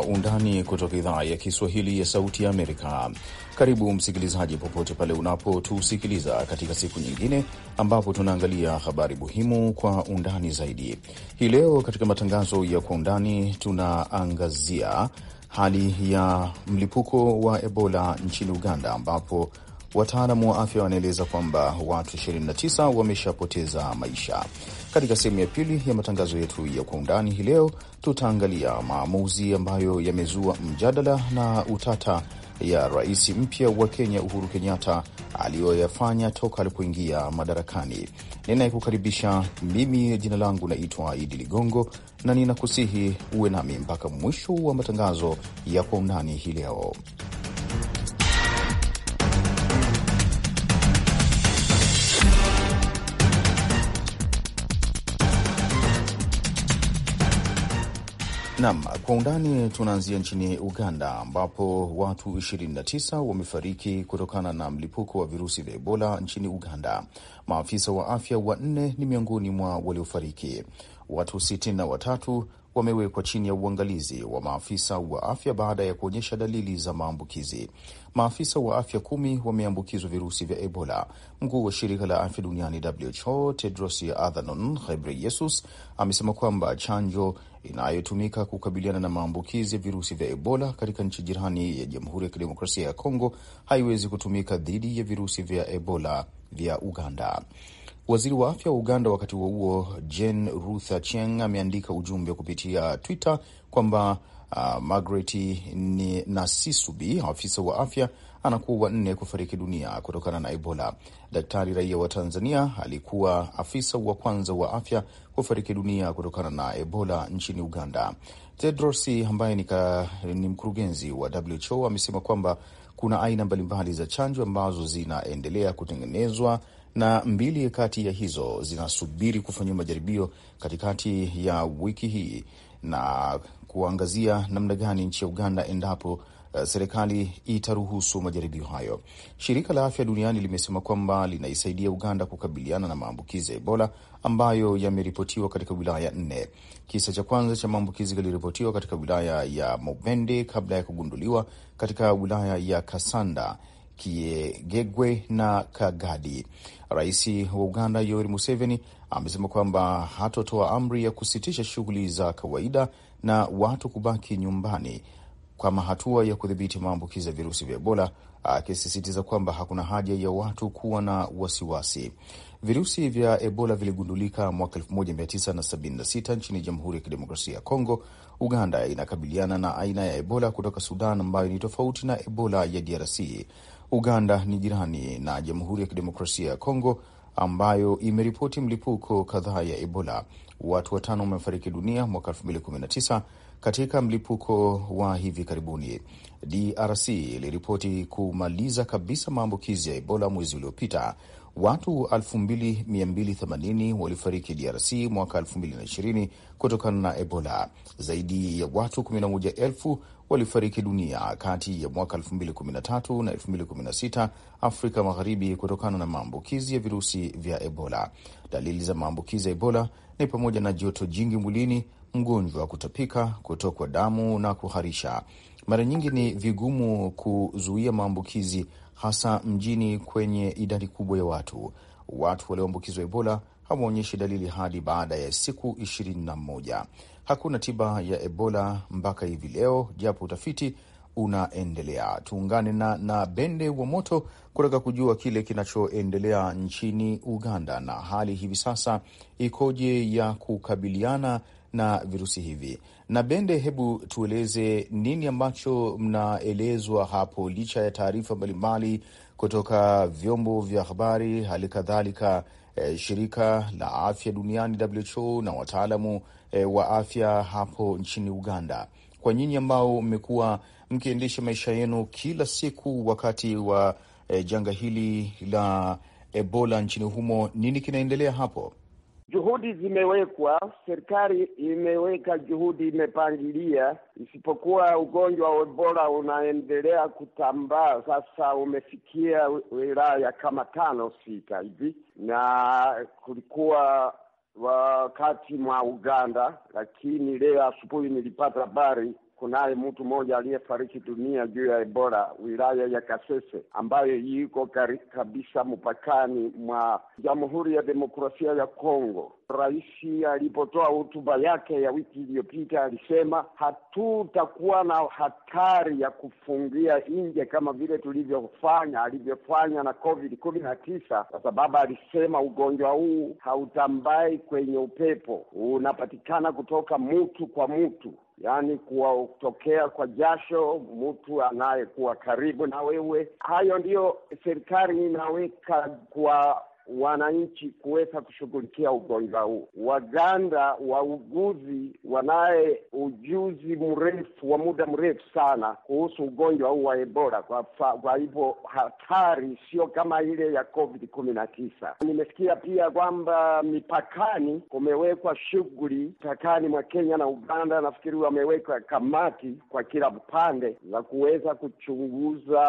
undani kutoka idhaa ya Kiswahili ya Sauti ya Amerika. Karibu msikilizaji, popote pale unapotusikiliza katika siku nyingine ambapo tunaangalia habari muhimu kwa undani zaidi. Hii leo katika matangazo ya kwa undani tunaangazia hali ya mlipuko wa Ebola nchini Uganda ambapo Wataalamu wa afya wanaeleza kwamba watu 29 wameshapoteza maisha. Katika sehemu ya pili ya matangazo yetu ya kwa undani hii leo, tutaangalia maamuzi ambayo yamezua mjadala na utata ya rais mpya wa Kenya Uhuru Kenyatta aliyoyafanya toka alipoingia madarakani. Ninayekukaribisha mimi, jina langu naitwa Idi Ligongo na ninakusihi uwe nami mpaka mwisho wa matangazo ya kwa undani hii leo. Nam, kwa undani tunaanzia nchini Uganda ambapo watu 29 wamefariki kutokana na mlipuko wa virusi vya Ebola nchini Uganda. Maafisa wa afya wanne ni miongoni mwa waliofariki. Watu 6 na watatu wamewekwa chini ya uangalizi wa maafisa wa afya baada ya kuonyesha dalili za maambukizi. Maafisa wa afya kumi wameambukizwa virusi vya Ebola. Mkuu wa shirika la afya duniani WHO Tedros Adhanom Ghebreyesus amesema kwamba chanjo inayotumika kukabiliana na maambukizi ya virusi vya Ebola katika nchi jirani ya Jamhuri ya Kidemokrasia ya Kongo haiwezi kutumika dhidi ya virusi vya Ebola vya Uganda. Waziri wa afya wa Uganda wakati huo huo, Jane Ruth Aceng ameandika ujumbe kupitia Twitter kwamba uh, Margaret ni Nasisubi, afisa wa afya, anakuwa wa nne kufariki dunia kutokana na Ebola. Daktari raia wa Tanzania alikuwa afisa wa kwanza wa afya kufariki dunia kutokana na Ebola nchini Uganda. Tedros ambaye ni, ni mkurugenzi wa WHO amesema kwamba kuna aina mbalimbali za chanjo ambazo zinaendelea kutengenezwa na mbili kati ya hizo zinasubiri kufanyiwa majaribio katikati ya wiki hii na kuangazia namna gani nchi ya Uganda endapo Uh, serikali itaruhusu majaribio hayo. Shirika la Afya Duniani limesema kwamba linaisaidia Uganda kukabiliana na maambukizi ya Ebola ambayo yameripotiwa katika wilaya nne. Kisa cha kwanza cha maambukizi kiliripotiwa katika wilaya ya Mubende kabla ya kugunduliwa katika wilaya ya Kasanda kiegegwe na Kagadi. Rais wa Uganda Yoweri Museveni amesema kwamba hatotoa amri ya kusitisha shughuli za kawaida na watu kubaki nyumbani kama hatua ya kudhibiti maambukizi ya virusi vya Ebola, akisisitiza kwamba hakuna haja ya watu kuwa na wasiwasi. Virusi vya Ebola viligundulika mwaka 1976 nchini Jamhuri ya Kidemokrasia ya Kongo. Uganda inakabiliana na aina ya Ebola kutoka Sudan ambayo ni tofauti na Ebola ya DRC. Uganda ni jirani na Jamhuri ya Kidemokrasia ya Kongo ambayo imeripoti mlipuko kadhaa ya Ebola. Watu watano wamefariki dunia mwaka 2019 katika mlipuko wa hivi karibuni. DRC iliripoti kumaliza kabisa maambukizi ya Ebola mwezi uliopita. Watu 2280 walifariki DRC mwaka 2020 kutokana na Ebola. Zaidi ya watu 11,000 walifariki dunia kati ya mwaka 2013 na 2016 Afrika Magharibi kutokana na maambukizi ya virusi vya Ebola. Dalili za maambukizi ya Ebola ni pamoja na joto jingi mwilini, mgonjwa wa kutapika, kutokwa damu na kuharisha. Mara nyingi ni vigumu kuzuia maambukizi, hasa mjini kwenye idadi kubwa ya watu. Watu walioambukizwa Ebola hawaonyeshi dalili hadi baada ya siku 21 hakuna tiba ya Ebola mpaka hivi leo, japo utafiti unaendelea. Tuungane na, na Bende wa Moto kutaka kujua kile kinachoendelea nchini Uganda na hali hivi sasa ikoje ya kukabiliana na virusi hivi. Na Bende, hebu tueleze nini ambacho mnaelezwa hapo, licha ya taarifa mbalimbali kutoka vyombo vya habari, hali kadhalika eh, shirika la afya duniani WHO na wataalamu e, wa afya hapo nchini Uganda. Kwa nyinyi ambao mmekuwa mkiendesha maisha yenu kila siku wakati wa e, janga hili la Ebola nchini humo, nini kinaendelea hapo? Juhudi zimewekwa, serikali imeweka juhudi, imepangilia. Isipokuwa ugonjwa wa Ebola unaendelea kutambaa, sasa umefikia wilaya kama tano sita hivi, na kulikuwa wakati mwa Uganda, lakini leo asubuhi nilipata habari kunaye mtu mmoja aliyefariki dunia juu ya Ebola wilaya ya Kasese ambayo iko kabisa mpakani mwa Jamhuri ya Demokrasia ya Kongo Rais alipotoa hotuba yake ya wiki iliyopita alisema hatutakuwa na hatari ya kufungia nje kama vile tulivyofanya alivyofanya na Covid kumi na tisa, kwa sababu alisema ugonjwa huu hautambai kwenye upepo, unapatikana kutoka mtu kwa mtu yaani kuwatokea kwa jasho mtu anayekuwa karibu na wewe. Hayo ndiyo serikali inaweka kwa wananchi kuweza kushughulikia ugonjwa huu. Waganda wauguzi wanaye ujuzi mrefu wa muda mrefu sana kuhusu ugonjwa huu wa Ebola. Kwa, kwa hivyo hatari sio kama ile ya Covid kumi na tisa. Nimesikia pia kwamba mipakani kumewekwa shughuli mpakani mwa Kenya na Uganda, nafikiri wamewekwa kamati kwa kila upande za kuweza kuchunguza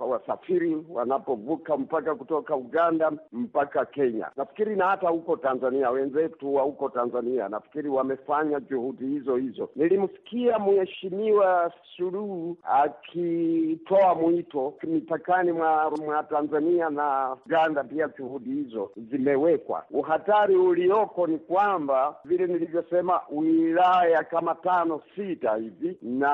wasafiri wanapovuka mpaka kutoka Uganda mpaka mpaka Kenya. Nafikiri na hata huko Tanzania wenzetu wa huko Tanzania nafikiri wamefanya juhudi hizo hizo. Nilimsikia Mheshimiwa Suluhu akitoa mwito mipakani mwa, mwa Tanzania na Uganda, pia juhudi hizo zimewekwa. Uhatari ulioko ni kwamba vile nilivyosema, wilaya kama tano sita hivi na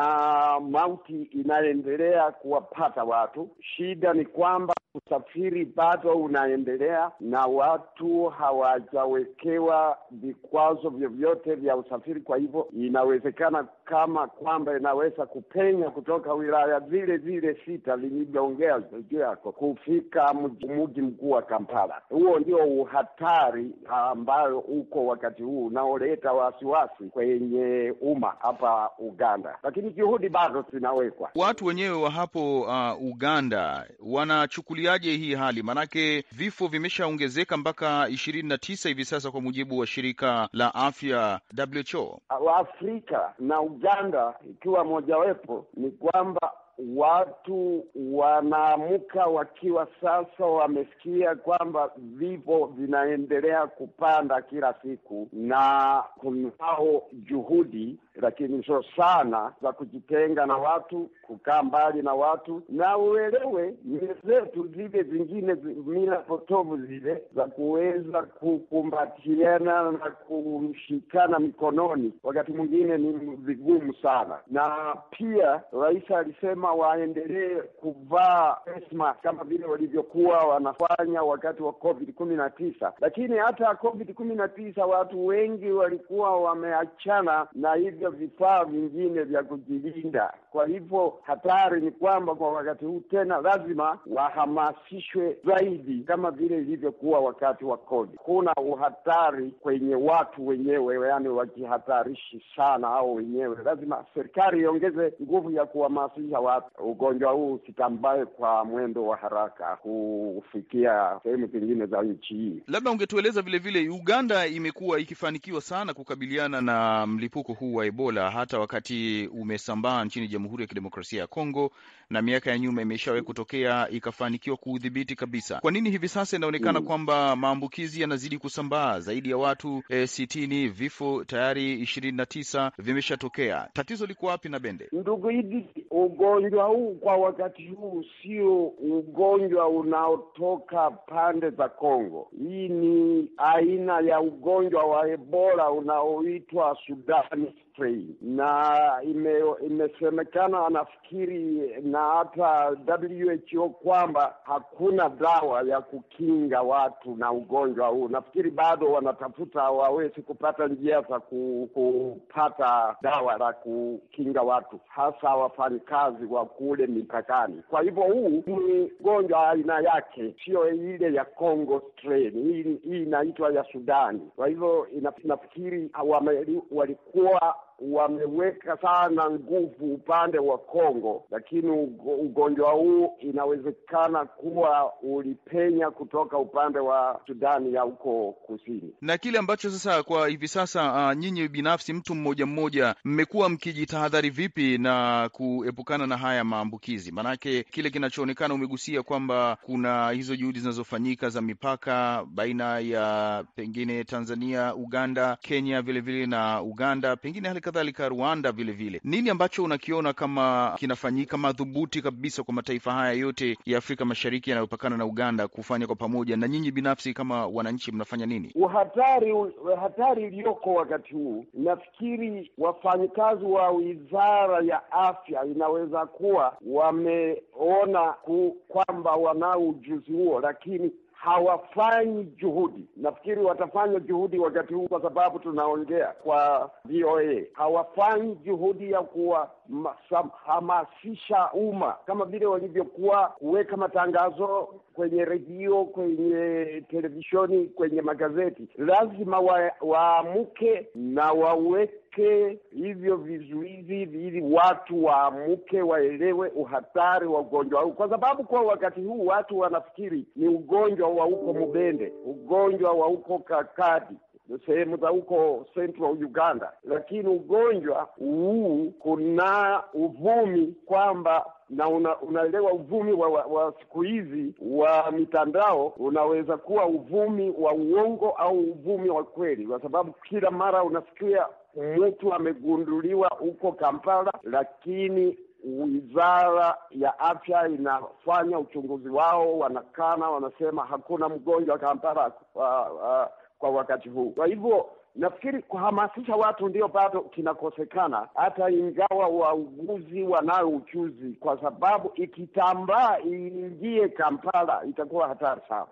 mauti inaendelea kuwapata watu. Shida ni kwamba usafiri bado unaendelea na watu hawajawekewa vikwazo vyovyote vya usafiri. Kwa hivyo inawezekana kama kwamba inaweza kupenya kutoka wilaya zile zile sita vilivyoongea juu yako kufika mji mkuu wa Kampala. Huo ndio uhatari ambayo uko wakati huu unaoleta wasiwasi kwenye umma hapa Uganda, lakini juhudi bado zinawekwa. Watu wenyewe wa hapo uh, Uganda wanachukuliaje hii hali? Maanake vifo vimeshaongezeka mpaka ishirini na tisa hivi sasa, kwa mujibu wa shirika la afya WHO. Waafrika na ujanga ikiwa mojawapo ni kwamba watu wanaamka wakiwa sasa wamesikia kwamba vipo vinaendelea kupanda kila siku, na kunao juhudi lakini sio sana za kujitenga na watu, kukaa mbali na watu, na uelewe mila zetu zile zingine, mila potovu zile za kuweza kukumbatiana na kushikana mikononi, wakati mwingine ni vigumu sana. Na pia rais alisema lazima waendelee kuvaa face mask kama vile walivyokuwa wanafanya wakati wa covid kumi na tisa, lakini hata covid kumi na tisa watu wengi walikuwa wameachana na hivyo vifaa vingine vya kujilinda. Kwa hivyo hatari ni kwamba kwa wakati huu tena lazima wahamasishwe zaidi kama vile ilivyokuwa wakati wa covid. Kuna uhatari kwenye watu wenyewe, yani wajihatarishi sana au wenyewe. Lazima serikali iongeze nguvu ya kuhamasisha wa ugonjwa huu usitambae kwa mwendo wa haraka kufikia sehemu zingine za nchi hii. Labda ungetueleza vilevile, Uganda imekuwa ikifanikiwa sana kukabiliana na mlipuko huu wa Ebola hata wakati umesambaa nchini Jamhuri ya Kidemokrasia ya Kongo, na miaka ya nyuma imeshawahi kutokea ikafanikiwa kuudhibiti kabisa. Kwa nini hivi sasa inaonekana mm, kwamba maambukizi yanazidi kusambaa zaidi ya watu e, sitini, vifo tayari ishirini na tisa vimeshatokea? Tatizo liko wapi na Bende? Ndugu Idi, ugonjwa ugonjwa huu kwa wakati huu sio ugonjwa unaotoka pande za Kongo. Hii ni aina ya ugonjwa wa Ebola unaoitwa Sudani Ukraine, na ime, imesemekana anafikiri na hata WHO kwamba hakuna dawa ya kukinga watu na ugonjwa huu. Nafikiri bado wanatafuta, wawezi kupata njia za kupata dawa la kukinga watu, hasa wafanyikazi wa kule mipakani. Kwa hivyo huu ni ugonjwa aina yake, siyo ile ya Congo strain. Hii inaitwa ya Sudani. Kwa hivyo inafikiri walikuwa wameweka sana nguvu upande wa Kongo, lakini ugonjwa huu inawezekana kuwa ulipenya kutoka upande wa Sudani ya huko kusini. Na kile ambacho sasa kwa hivi sasa uh, nyinyi binafsi mtu mmoja mmoja mmekuwa mkijitahadhari vipi na kuepukana na haya maambukizi? Maanake kile kinachoonekana umegusia kwamba kuna hizo juhudi zinazofanyika za mipaka baina ya pengine Tanzania, Uganda, Kenya vilevile vile na Uganda pengine hali kadhalika Rwanda vilevile vile. Nini ambacho unakiona kama kinafanyika madhubuti kabisa kwa mataifa haya yote ya Afrika Mashariki yanayopakana na Uganda kufanya kwa pamoja, na nyinyi binafsi kama wananchi mnafanya nini? Uhatari hatari iliyoko wakati huu, nafikiri wafanyikazi wa wizara ya afya inaweza kuwa wameona kwamba wanao ujuzi huo, lakini hawafanyi juhudi. Nafikiri watafanya juhudi wakati huu, kwa sababu tunaongea kwa VOA. Hawafanyi juhudi ya kuwa kuhamasisha umma kama vile walivyokuwa kuweka matangazo kwenye redio, kwenye televishoni, kwenye magazeti. Lazima waamuke na waweke hivyo vizuizi ili watu waamuke, waelewe uhatari wa ugonjwa huu, kwa sababu kwa wakati huu watu wanafikiri ni ugonjwa wa huko Mubende, ugonjwa wa huko Kakadi sehemu za huko Central Uganda, lakini ugonjwa huu kuna uvumi kwamba na una, unaelewa uvumi wa, wa, wa siku hizi wa mitandao unaweza kuwa uvumi wa uongo au uvumi wa kweli, kwa sababu kila mara unasikia mtu amegunduliwa huko Kampala, lakini Wizara ya Afya inafanya uchunguzi wao, wanakana, wanasema hakuna mgonjwa Kampala. Uh, uh, kwa wakati huu. Kwa hivyo nafikiri kuhamasisha watu ndio bado kinakosekana, hata ingawa wauguzi wanayo uchuzi, kwa sababu ikitambaa iingie Kampala itakuwa hatari sana.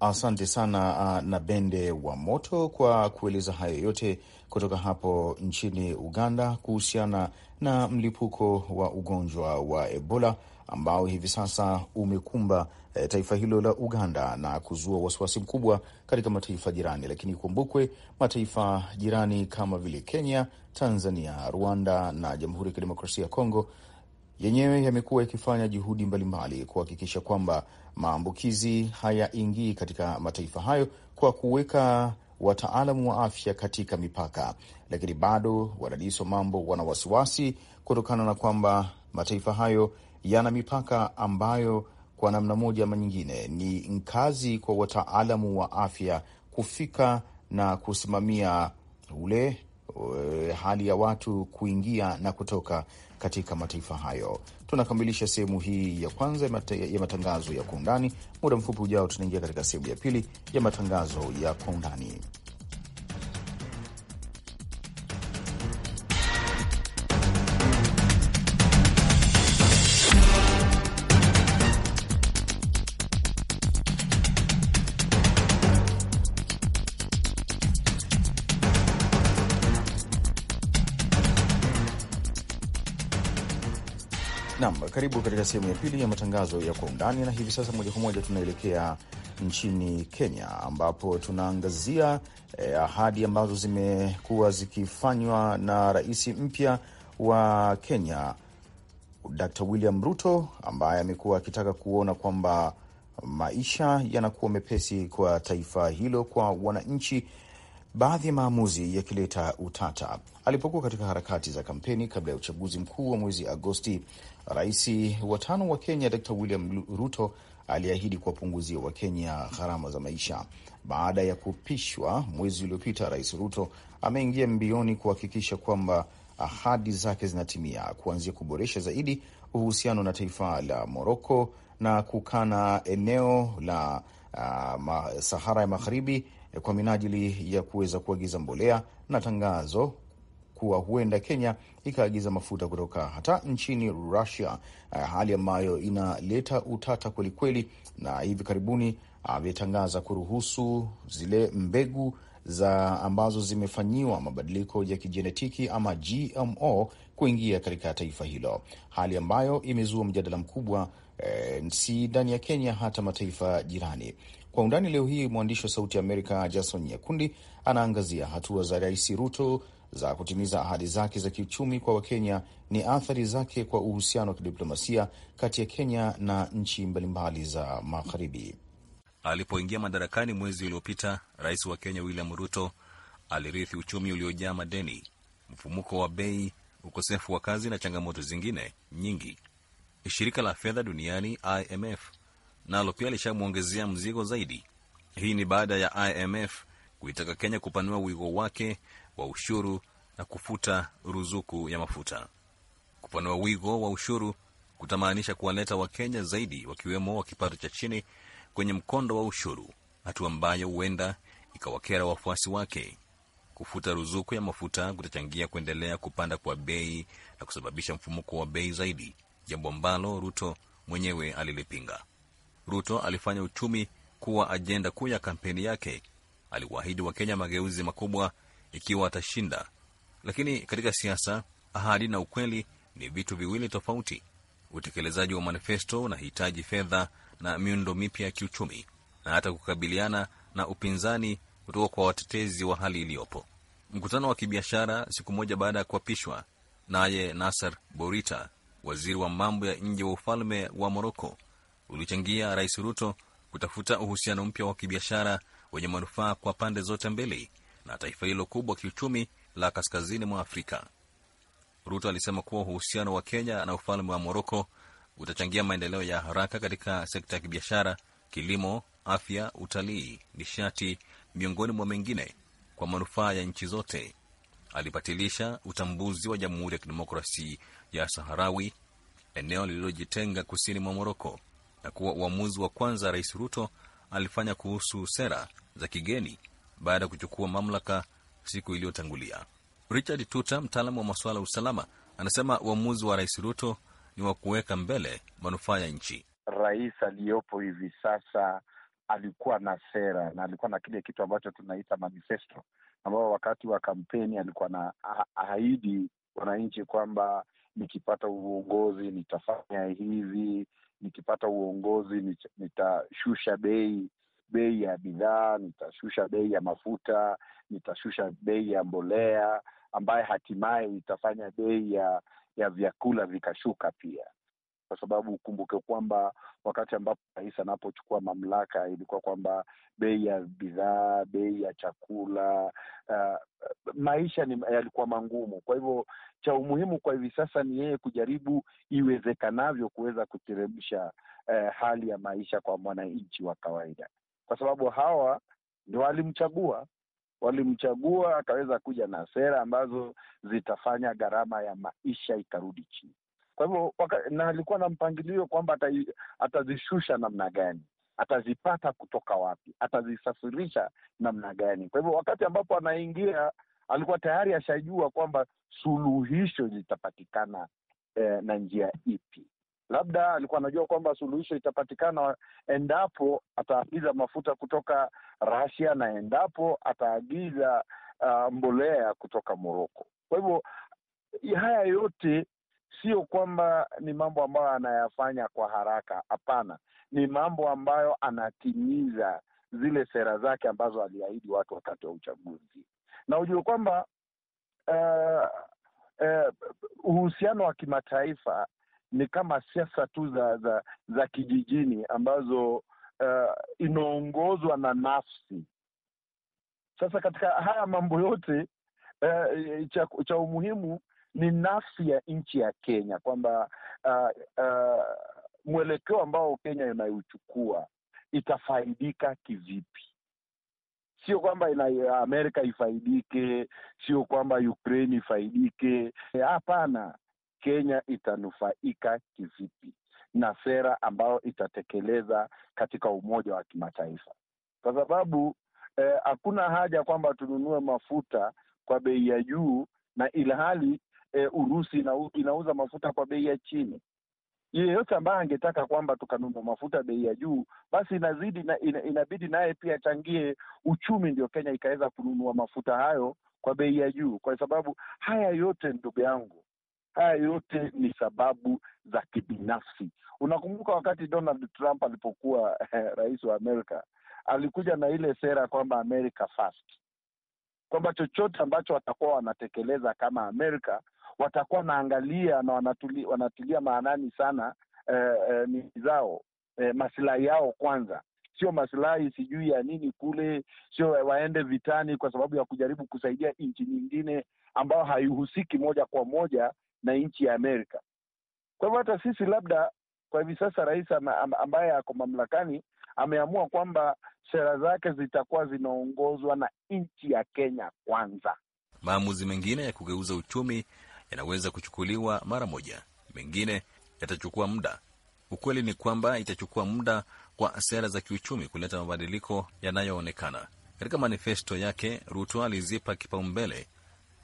Asante sana uh, na Bende wa Moto kwa kueleza hayo yote kutoka hapo nchini Uganda kuhusiana na mlipuko wa ugonjwa wa Ebola ambao hivi sasa umekumba eh, taifa hilo la Uganda na kuzua wasiwasi mkubwa katika mataifa jirani. Lakini ikumbukwe mataifa jirani kama vile Kenya, Tanzania, Rwanda na Jamhuri ya Kidemokrasia ya Kongo yenyewe yamekuwa yakifanya juhudi mbalimbali kuhakikisha kwamba maambukizi hayaingii katika mataifa hayo kwa kuweka wataalamu wa afya katika mipaka, lakini bado wadadisi wa mambo wana wasiwasi kutokana na kwamba mataifa hayo yana mipaka ambayo kwa namna moja ama nyingine ni kazi kwa wataalamu wa afya kufika na kusimamia ule eh, hali ya watu kuingia na kutoka katika mataifa hayo. Tunakamilisha sehemu hii ya kwanza ya matangazo ya kwa undani. Muda mfupi ujao, tunaingia katika sehemu ya pili ya matangazo ya kwa undani. Karibu katika sehemu ya pili ya matangazo ya kwa undani, na hivi sasa moja kwa moja tunaelekea nchini Kenya ambapo tunaangazia eh, ahadi ambazo zimekuwa zikifanywa na rais mpya wa Kenya Dr. William Ruto ambaye amekuwa akitaka kuona kwamba maisha yanakuwa mepesi kwa taifa hilo kwa wananchi, baadhi ya maamuzi yakileta utata. Alipokuwa katika harakati za kampeni kabla ya uchaguzi mkuu wa mwezi Agosti, Rais wa tano wa Kenya dr William Ruto aliahidi kuwapunguzia Wakenya gharama za maisha. Baada ya kupishwa mwezi uliopita, Rais Ruto ameingia mbioni kuhakikisha kwamba ahadi zake zinatimia, kuanzia kuboresha zaidi uhusiano na taifa la Moroko na kukana eneo la uh, Sahara ya Magharibi kwa minajili ya kuweza kuagiza mbolea na tangazo kuwa huenda Kenya ikaagiza mafuta kutoka hata nchini Russia, eh, hali ambayo inaleta utata kwelikweli, na hivi karibuni ametangaza kuruhusu zile mbegu za ambazo zimefanyiwa mabadiliko ya kijenetiki ama GMO kuingia katika taifa hilo, hali ambayo imezua mjadala mkubwa eh, si ndani ya Kenya, hata mataifa jirani. Kwa undani leo hii mwandishi wa Sauti ya Amerika Jason Nyakundi anaangazia hatua za Rais Ruto za kutimiza ahadi zake za kiuchumi kwa Wakenya ni athari zake kwa uhusiano wa kidiplomasia kati ya Kenya na nchi mbalimbali za Magharibi. Alipoingia madarakani mwezi uliopita, rais wa Kenya William Ruto alirithi uchumi uliojaa madeni, mfumuko wa bei, ukosefu wa kazi na changamoto zingine nyingi. Shirika la fedha duniani IMF nalo pia lishamwongezea mzigo zaidi. Hii ni baada ya IMF kuitaka Kenya kupanua wigo wake wa ushuru na kufuta ruzuku ya mafuta. Kupanua wigo wa ushuru kutamaanisha kuwaleta Wakenya zaidi, wakiwemo wa kipato cha chini, kwenye mkondo wa ushuru, hatua ambayo huenda ikawakera wafuasi wake. Kufuta ruzuku ya mafuta kutachangia kuendelea kupanda kwa bei na kusababisha mfumuko wa bei zaidi, jambo ambalo Ruto mwenyewe alilipinga. Ruto alifanya uchumi kuwa ajenda kuu ya kampeni yake. Aliwaahidi Wakenya mageuzi makubwa ikiwa atashinda. Lakini katika siasa, ahadi na ukweli ni vitu viwili tofauti. Utekelezaji wa manifesto unahitaji fedha na miundo mipya ya kiuchumi na hata kukabiliana na upinzani kutoka kwa watetezi wa hali iliyopo. Mkutano wa kibiashara siku moja baada ya kuapishwa, naye Nasser Bourita, waziri wa mambo ya nje wa ufalme wa Moroko, ulichangia Rais Ruto kutafuta uhusiano mpya wa kibiashara wenye manufaa kwa pande zote mbili, na taifa hilo kubwa kiuchumi la kaskazini mwa Afrika. Ruto alisema kuwa uhusiano wa Kenya na ufalme wa Moroko utachangia maendeleo ya haraka katika sekta ya kibiashara, kilimo, afya, utalii, nishati, miongoni mwa mengine, kwa manufaa ya nchi zote. Alibatilisha utambuzi wa Jamhuri ya Kidemokrasi ya Saharawi, eneo lililojitenga kusini mwa Moroko, na kuwa uamuzi wa kwanza Rais Ruto alifanya kuhusu sera za kigeni baada ya kuchukua mamlaka siku iliyotangulia. Richard Tuta, mtaalamu wa masuala ya usalama, anasema uamuzi wa Rais Ruto ni wa kuweka mbele manufaa ya nchi. Rais aliyopo hivi sasa alikuwa na sera na alikuwa na kile kitu ambacho tunaita manifesto, ambao wakati wa kampeni alikuwa na ahidi wananchi kwamba nikipata uongozi nitafanya hivi, nikipata uongozi nitashusha bei bei ya bidhaa, nitashusha bei ya mafuta, nitashusha bei ya mbolea, ambaye hatimaye itafanya bei ya ya vyakula vikashuka pia, kwa sababu ukumbuke kwamba wakati ambapo rais anapochukua mamlaka ilikuwa kwamba bei ya bidhaa, bei ya chakula, uh, maisha ni, yalikuwa mangumu. Kwa hivyo cha umuhimu kwa hivi sasa ni yeye kujaribu iwezekanavyo kuweza kuteremsha uh, hali ya maisha kwa mwananchi wa kawaida kwa sababu hawa ndio walimchagua walimchagua akaweza kuja na sera ambazo zitafanya gharama ya maisha ikarudi chini. Kwa hivyo na alikuwa na mpangilio kwamba atazishusha namna gani, atazipata kutoka wapi, atazisafirisha namna gani. Kwa hivyo wakati ambapo anaingia, alikuwa tayari ashajua kwamba suluhisho litapatikana eh, na njia ipi. Labda alikuwa anajua kwamba suluhisho itapatikana endapo ataagiza mafuta kutoka rasia na endapo ataagiza uh, mbolea kutoka Moroko. Kwa hivyo haya yote sio kwamba ni mambo ambayo anayafanya kwa haraka. Hapana, ni mambo ambayo anatimiza zile sera zake ambazo aliahidi watu wakati wa uchaguzi. Na ujue kwamba uhusiano uh, uh, wa kimataifa ni kama siasa tu za, za, za kijijini ambazo uh, inaongozwa na nafsi. Sasa katika haya mambo yote uh, cha, cha umuhimu ni nafsi ya nchi ya Kenya kwamba uh, uh, mwelekeo ambao Kenya inayochukua itafaidika kivipi? Sio kwamba ina Amerika ifaidike, sio kwamba Ukraine ifaidike. Hapana, Kenya itanufaika kivipi na sera ambayo itatekeleza katika umoja wa kimataifa, kwa sababu eh, hakuna eh, haja kwamba tununue mafuta kwa bei ya juu na ilhali eh, Urusi inauza mafuta kwa bei ya chini. Yeyote ambaye angetaka kwamba tukanunua mafuta bei ya juu, basi inazidi na, ina, inabidi naye pia achangie uchumi, ndio Kenya ikaweza kununua mafuta hayo kwa bei ya juu, kwa sababu haya yote ndugu yangu Haya yote ni sababu za kibinafsi. Unakumbuka wakati Donald Trump alipokuwa eh, rais wa Amerika alikuja na ile sera kwamba America first, kwamba chochote ambacho watakuwa wanatekeleza kama Amerika watakuwa wanaangalia na wanatuli, wanatilia maanani sana eh, eh, ni zao eh, masilahi yao kwanza sio masilahi sijui ya nini kule, sio waende vitani kwa sababu ya kujaribu kusaidia nchi nyingine ambayo haihusiki moja kwa moja na nchi ya Amerika. Kwa hivyo hata sisi labda kwa hivi sasa rais ambaye ako mamlakani ameamua kwamba sera zake zitakuwa zinaongozwa na nchi ya Kenya kwanza. Maamuzi mengine ya kugeuza uchumi yanaweza kuchukuliwa mara moja, mengine yatachukua muda. Ukweli ni kwamba itachukua muda kwa sera za kiuchumi kuleta mabadiliko yanayoonekana. Katika manifesto yake, Ruto alizipa kipaumbele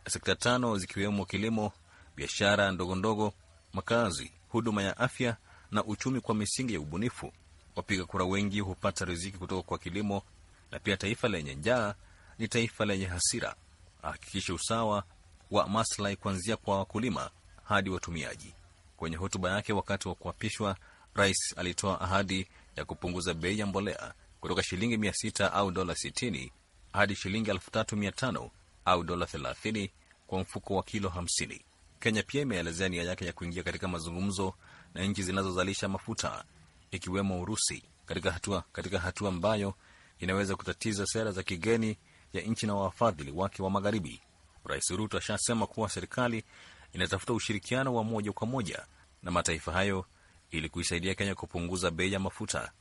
sekta tano zikiwemo kilimo, biashara ndogondogo, makazi, huduma ya afya na uchumi kwa misingi ya ubunifu. Wapiga kura wengi hupata riziki kutoka kwa kilimo, na pia taifa lenye njaa ni taifa lenye hasira. Ahakikishe usawa wa maslahi kuanzia kwa wakulima hadi watumiaji. Kwenye hotuba yake wakati wa kuapishwa, rais alitoa ahadi ya kupunguza bei ya mbolea kutoka shilingi 6 au dola 60 hadi shilingi 35 au dola 30 kwa mfuko wa kilo 50 Kenya pia imeelezea nia yake ya kuingia katika mazungumzo na nchi zinazozalisha mafuta ikiwemo Urusi katika hatua katika hatua ambayo inaweza kutatiza sera za kigeni ya nchi na wafadhili wake wa Magharibi. Rais Ruto ashasema kuwa serikali inatafuta ushirikiano wa moja kwa moja na mataifa hayo ili kuisaidia Kenya kupunguza bei ya mafuta.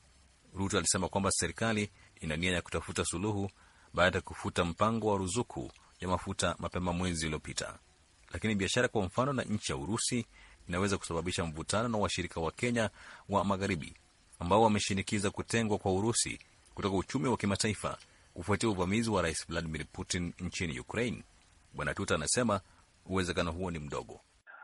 Ruto alisema kwamba serikali ina nia ya kutafuta suluhu baada ya kufuta mpango wa ruzuku ya mafuta mapema mwezi uliopita lakini biashara kwa mfano na nchi ya Urusi inaweza kusababisha mvutano na washirika wa Kenya wa Magharibi ambao wameshinikiza kutengwa kwa Urusi kutoka uchumi wa kimataifa kufuatia uvamizi wa Rais Vladimir Putin nchini Ukraine. Bwana Tuta anasema uwezekano huo ni mdogo.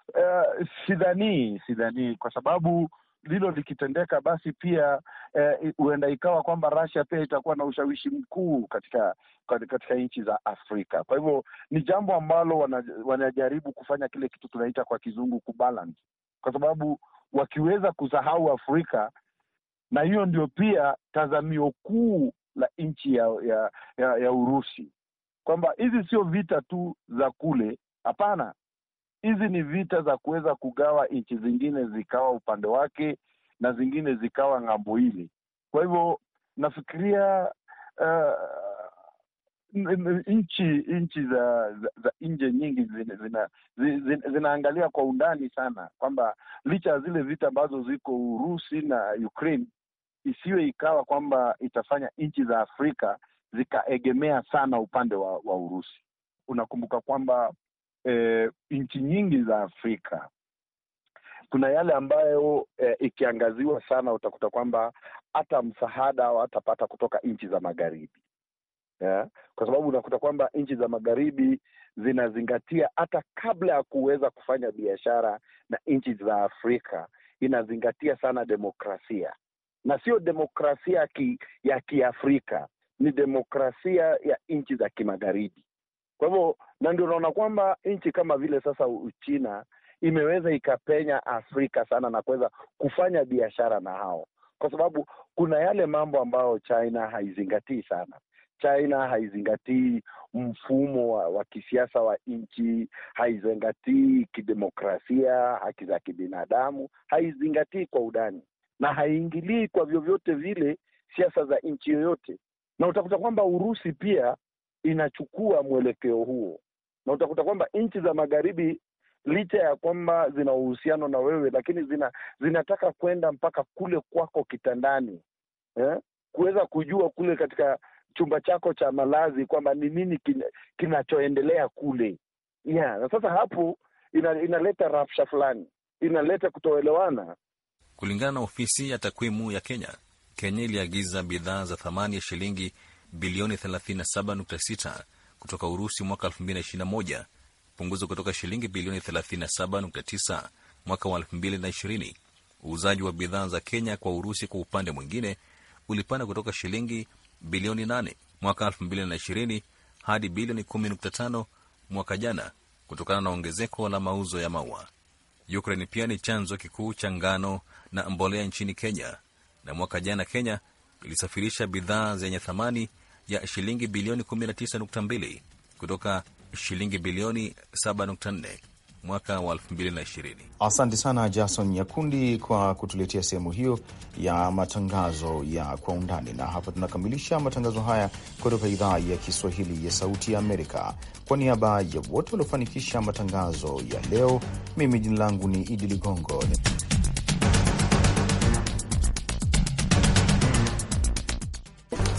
Uh, eh, sidhanii, sidhanii kwa sababu lilo likitendeka, basi pia eh, huenda eh, ikawa kwamba Russia pia itakuwa na ushawishi mkuu katika katika nchi za Afrika. Kwa hivyo ni jambo ambalo wana, wanajaribu kufanya kile kitu tunaita kwa kizungu kubalance, kwa sababu wakiweza kusahau Afrika, na hiyo ndio pia tazamio kuu la nchi ya, ya, ya, ya Urusi kwamba hizi sio vita tu za kule, hapana, hizi ni vita za kuweza kugawa nchi zingine zikawa upande wake na zingine zikawa ng'ambo ile Kwa hivyo nafikiria uh, nchi nchi za, za, za nje nyingi zinaangalia zina, zina, zina kwa undani sana kwamba licha ya zile vita ambazo ziko Urusi na Ukraine isiwe ikawa kwamba itafanya nchi za Afrika zikaegemea sana upande wa, wa Urusi. Unakumbuka kwamba eh, nchi nyingi za Afrika kuna yale ambayo eh, ikiangaziwa sana utakuta kwamba hata msaada watapata kutoka nchi za magharibi yeah? Kwa sababu unakuta kwamba nchi za magharibi zinazingatia hata kabla ya kuweza kufanya biashara na nchi za Afrika, inazingatia sana demokrasia na sio demokrasia ki, ya Kiafrika, ni demokrasia ya nchi za kimagharibi. Kwa hivyo na ndio unaona kwamba nchi kama vile sasa Uchina imeweza ikapenya Afrika sana na kuweza kufanya biashara na hao, kwa sababu kuna yale mambo ambayo China haizingatii sana. China haizingatii mfumo wa, wa kisiasa wa nchi, haizingatii kidemokrasia, haki za kibinadamu, haizingatii kwa undani na haiingilii kwa vyovyote vile siasa za nchi yoyote, na utakuta kwamba Urusi pia inachukua mwelekeo huo, na utakuta kwamba nchi za magharibi licha ya kwamba zina uhusiano na wewe, lakini zina zinataka kwenda mpaka kule kwako kitandani eh? kuweza kujua kule katika chumba chako cha malazi kwamba ni nini kinachoendelea kule yeah. Na sasa hapo ina, inaleta rafsha fulani, inaleta kutoelewana. Kulingana na ofisi ya takwimu ya Kenya, Kenya iliagiza bidhaa za thamani ya shilingi bilioni 37.6 kutoka Urusi mwaka 2021, punguzo kutoka shilingi bilioni 37.9 mwaka wa 2020. Uuzaji wa bidhaa za Kenya kwa Urusi kwa upande mwingine ulipanda kutoka shilingi bilioni 8 mwaka 2020 hadi bilioni 10.5 mwaka jana kutokana na ongezeko la mauzo ya maua. Ukraine pia ni chanzo kikuu cha ngano na mbolea nchini Kenya, na mwaka jana Kenya ilisafirisha bidhaa zenye thamani ya shilingi bilioni 19.2 kutoka shilingi bilioni 7.4 mwaka wa 2020. Asante sana Jason Nyakundi kwa kutuletea sehemu hiyo ya matangazo ya kwa undani, na hapa tunakamilisha matangazo haya kutoka idhaa ya Kiswahili ya Sauti ya Amerika. Kwa niaba ya wote waliofanikisha matangazo ya leo, mimi jina langu ni Idi Ligongo.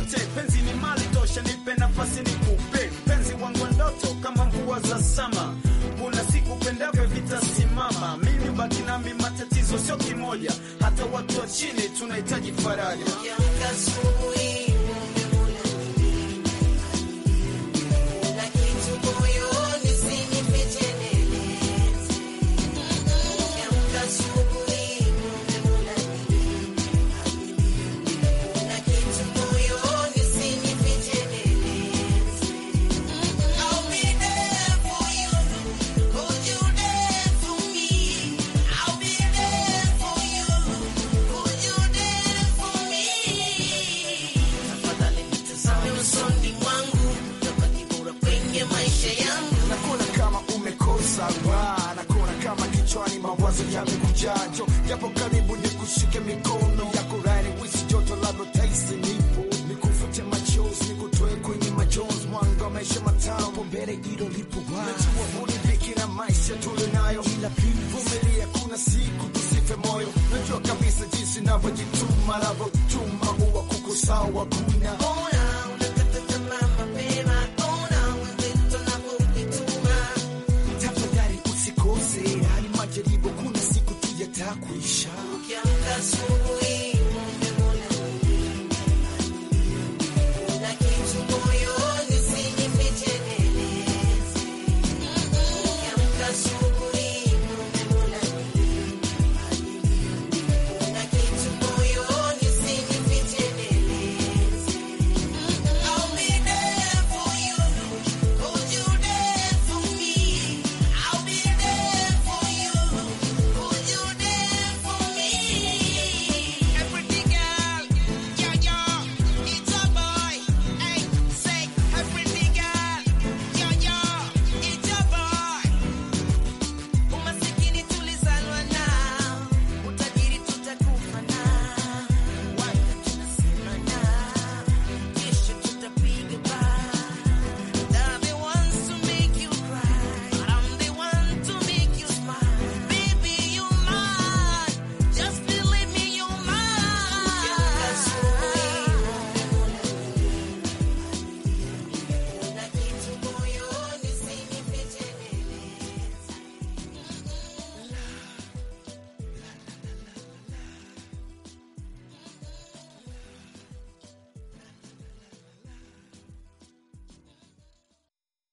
niache, penzi ni mali tosha, nipe nafasi nikupe penzi wangu ndoto kama mvua za sama, kuna siku pendavyo vitasimama, mimi baki nami, matatizo sio kimoja, hata watu wa chini tunahitaji faraja. mawazo yamekujajo, yapo karibu nikushike mikono yako rari, wisi joto labda taisi nipo, nikufute machozi, nikutoe kwenye majonzi, mwanga maisha matamu mbele, hilo lipo najua huni dhiki na maisha tulionayo, ila pili vumilia, kuna siku tusife moyo, najua kabisa jinsi navyojituma, navyotuma huwa kukusawa kuna